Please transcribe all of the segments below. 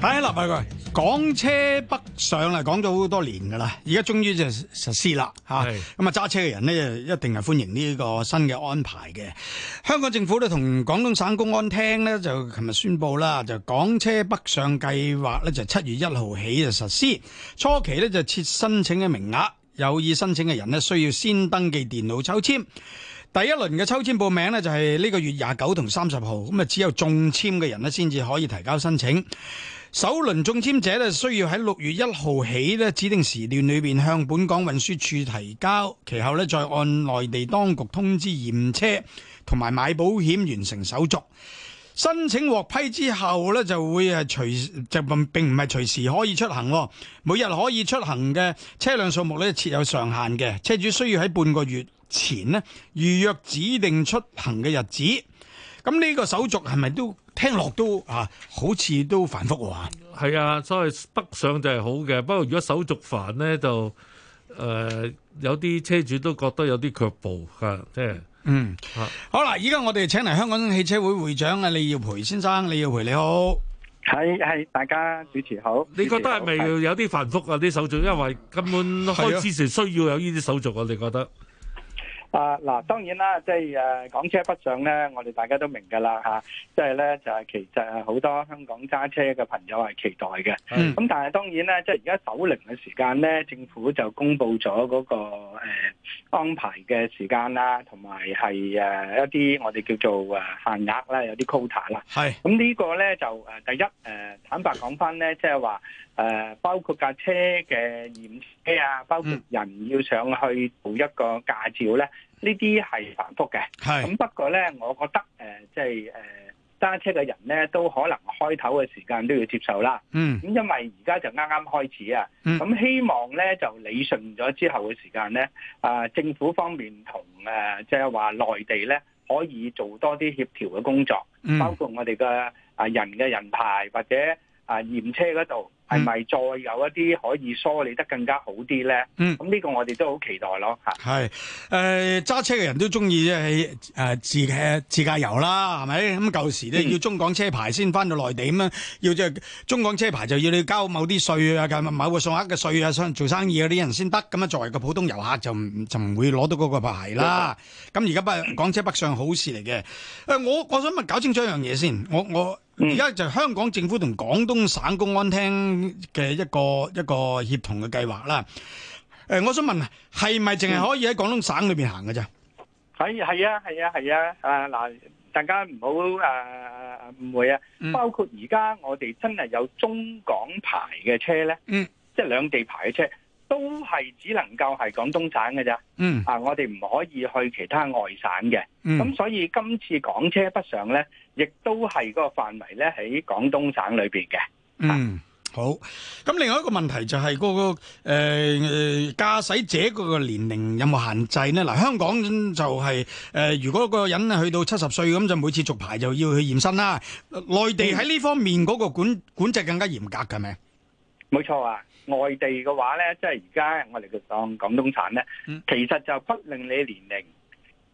睇下立埋佢，港車北上啦，講咗好多年噶啦，而家終於就實施啦吓。咁啊是，揸車嘅人呢，一定係歡迎呢個新嘅安排嘅。香港政府呢同廣東省公安廳呢就琴日宣布啦，就港車北上計劃呢就七月一號起就實施。初期呢就設申請嘅名額，有意申請嘅人呢需要先登記電腦抽籤。第一輪嘅抽籤報名呢就係呢個月廿九同三十號，咁啊只有中籤嘅人呢先至可以提交申請。首輪中籤者呢，需要喺六月一號起呢，指定時段裏邊向本港運輸署提交，其後呢，再按內地當局通知驗車同埋買保險，完成手續。申請獲批之後呢，就會係隨就並唔係隨時可以出行，每日可以出行嘅車輛數目呢，設有上限嘅，車主需要喺半個月前呢預約指定出行嘅日子。咁呢個手續係咪都？聽落都啊，好似都繁複喎嚇。係啊，啊，所以北上就係好嘅，不過如果手續煩咧，就誒、呃、有啲車主都覺得有啲卻步即、啊就是、嗯。啊、好啦，依家我哋請嚟香港汽車會會長啊，李耀培先生，李耀培你好，係係大家主持好。你覺得係咪有啲繁複啊？啲的手續，因為根本開始時需要有呢啲手續、啊，你覺得。啊嗱，當然啦，即係誒港車北上咧，我哋大家都明㗎啦，即係咧就係、是、其實好多香港揸車嘅朋友係期待嘅。咁的、嗯、但係當然咧，即係而家首輪嘅時間咧，政府就公布咗嗰個、呃、安排嘅時間啦，同埋係誒一啲我哋叫做誒限額啦，有啲 quota 啦。係的。咁呢個咧就第一誒、呃、坦白講翻咧，即係話誒包括架車嘅驗車啊，包括人要上去做一個駕照咧、啊。的呢啲係繁複嘅，咁是不過咧，我覺得誒，即係誒揸車嘅人咧，都可能開頭嘅時間都要接受啦。嗯，咁因為而家就啱啱開始啊，咁、嗯、希望咧就理順咗之後嘅時間咧，啊、呃，政府方面同誒即係話內地咧，可以做多啲協調嘅工作，包括我哋嘅啊人嘅人牌或者啊驗、呃、車嗰度。係咪再有一啲可以梳理得更加好啲咧？咁呢、嗯、個我哋都好期待咯。吓，係誒揸車嘅人都中意誒誒自誒自駕遊啦，係咪？咁舊時咧要中港車牌先翻到內地嘛，咁啊要即係中港車牌就要你交某啲稅啊，咁某個數額嘅稅啊，做生意嗰啲人先得。咁啊作為個普通遊客就就唔會攞到嗰個牌啦。咁而家唔係，港車北上好事嚟嘅。誒、呃，我我想問搞清楚一樣嘢先，我我。而家就是香港政府同廣東省公安廳嘅一個一個協同嘅計劃啦。誒、呃，我想問，係咪淨係可以喺廣東省裏邊行嘅啫？係，係啊，係啊，係啊，啊。啊嗱，大家唔好誒誤會啊。嗯、包括而家我哋真係有中港牌嘅車咧，即係兩地牌嘅車。都係只能夠係廣東省嘅啫，啊，我哋唔可以去其他外省嘅，咁所以今次港車北上呢，亦都係嗰個範圍呢喺廣東省裏邊嘅。嗯，好。咁另外一個問題就係嗰個誒駕駛者嗰個年齡有冇限制呢？嗱，香港就係誒，如果個人咧去到七十歲咁就每次續牌就要去驗身啦。內地喺呢方面嗰個管管制更加嚴格嘅咩？冇錯啊，外地嘅話咧，即係而家我哋當廣東省咧，嗯、其實就不論你年齡，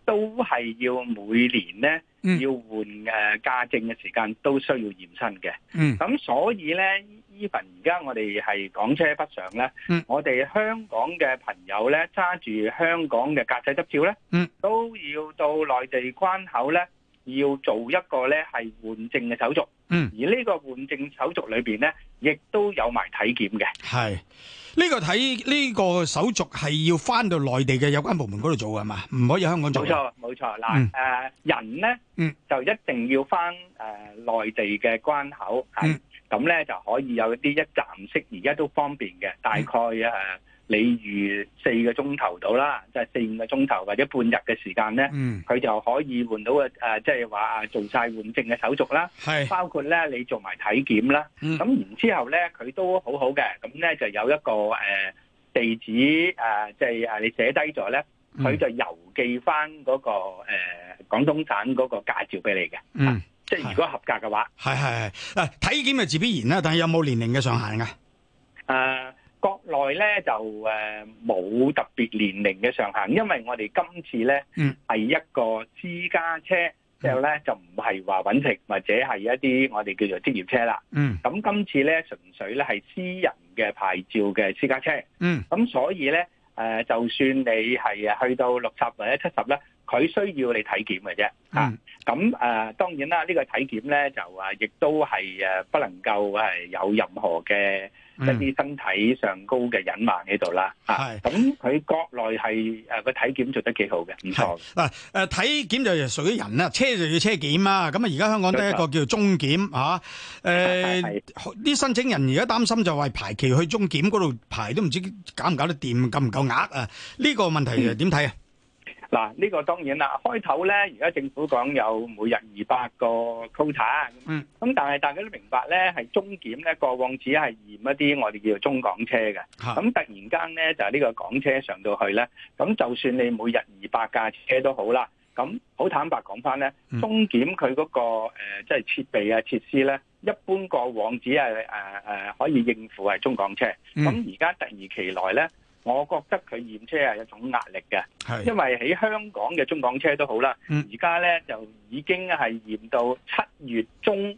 都係要每年咧、嗯、要換誒駕證嘅時間都需要驗身嘅。咁、嗯、所以咧，even 而家我哋係港車北上咧，嗯、我哋香港嘅朋友咧揸住香港嘅駕駛執照咧，嗯、都要到內地關口咧要做一個咧係換證嘅手續。嗯，而呢個換證手續裏邊咧，亦都有埋體檢嘅。係呢、這個睇呢、這個手續係要返到內地嘅有關部門嗰度做㗎嘛，唔可以香港做。冇錯，冇錯。嗱、嗯，誒、呃、人咧，嗯，就一定要返誒內地嘅關口，嗯，咁咧就可以有啲一,一站式，而家都方便嘅，大概誒。嗯呃你預四個鐘頭到啦，即、就、係、是、四五個鐘頭或者半日嘅時間咧，佢、嗯、就可以換到個誒，即係話做晒換證嘅手續啦。係是包括咧，你做埋體檢啦。咁、嗯、然後之後咧，佢都好好嘅。咁咧就有一個誒地址誒，即係啊，你寫低咗咧，佢就郵寄翻嗰、那個誒廣、呃、東省嗰個駕照俾你嘅。嗯，是即係如果合格嘅話，係係誒體檢就自必然啦。但係有冇年齡嘅上限噶？嗯佢咧就誒冇特別年齡嘅上限，因為我哋今次咧係一個私家車，之後咧就唔係話揾食或者係一啲我哋叫做職業車啦。嗯、咁今次咧純粹咧係私人嘅牌照嘅私家車。嗯、咁所以咧誒就算你係去到六十或者七十咧。佢需要你體檢嘅啫，嚇咁誒當然啦，呢個體檢咧就誒亦都係誒不能夠係有任何嘅一啲身體上高嘅隱患喺度啦，嚇。咁佢國內係誒個體檢做得幾好嘅，唔錯。嗱，誒體檢就屬於人啦，車就要車檢啦。咁啊而家香港得一個叫做中檢嚇，誒啲申請人而家擔心就係排期去中檢嗰度排都唔知搞唔搞得掂，夠唔夠額啊？呢個問題誒點睇啊？嗱，呢個當然啦。開頭咧，而家政府講有每日二百個 quota，咁、嗯、但係大家都明白咧，係中檢咧，過往只係驗一啲我哋叫做中港車嘅。咁、啊、突然間咧，就係呢個港車上到去咧，咁就算你每日二百架車都好啦。咁好坦白講翻咧，中檢佢嗰個誒即係設備啊、設施咧，一般過往只係誒可以應付係中港車。咁而家突然其來咧。我覺得佢驗車係一種壓力嘅，係，因為喺香港嘅中港車都好啦，而家咧就已經係驗到七月中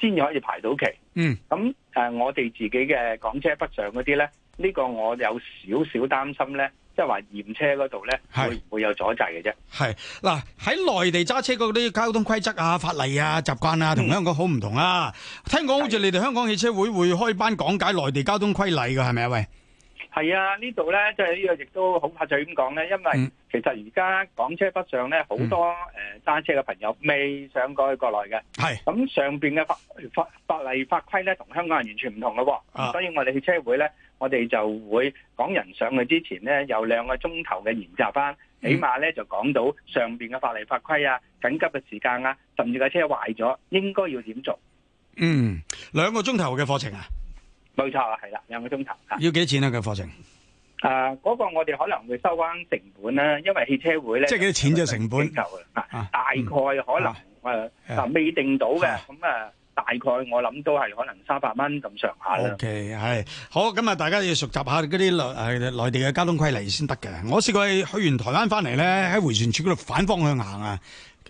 先至可以排到期。嗯，咁、誒、我哋自己嘅港車北上嗰啲咧，呢個我有少少擔心咧，即係話驗車嗰度咧會唔會有阻滯嘅啫？係嗱，喺內地揸車嗰啲交通規則啊、法例啊、習慣啊，同香港好唔同啊。嗯、聽講好似你哋香港汽車會會開班講解內地交通規例嘅係咪啊？喂？係啊，呢度咧即係呢個亦都好怕嘴咁講咧，因為其實而家港車北上咧，好多誒揸，嗯呃，車嘅朋友未上過去國內嘅。係咁是上邊嘅法法法，法例法規咧，同香港人完全唔同喎。啊，所以我哋汽車會咧，我哋就會講人上去之前咧，有兩個鐘頭嘅研習班，嗯，起碼咧就講到上邊嘅法例法規啊、緊急嘅時間啊，甚至架車壞咗應該要點做。嗯，兩個鐘頭嘅課程啊？冇錯，係啦，兩個鐘頭。啊、要幾錢咧、啊？個課程？誒、啊，嗰、那個我哋可能會收翻成本啦，因為汽車會咧。即係幾錢就、啊、成本？夠、啊、大概可能誒，嗱未定到嘅，咁、啊啊、大概我諗都係可能三百蚊咁上下啦。OK，係好，咁啊，大家要熟習下嗰啲內地嘅交通規例先得嘅。我試過去完台灣翻嚟咧，喺回旋處嗰度反方向行啊，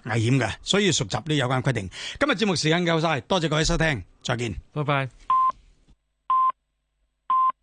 危險嘅。所以要熟習啲有關規定。今日節目時間夠晒，多謝各位收聽，再見，拜拜。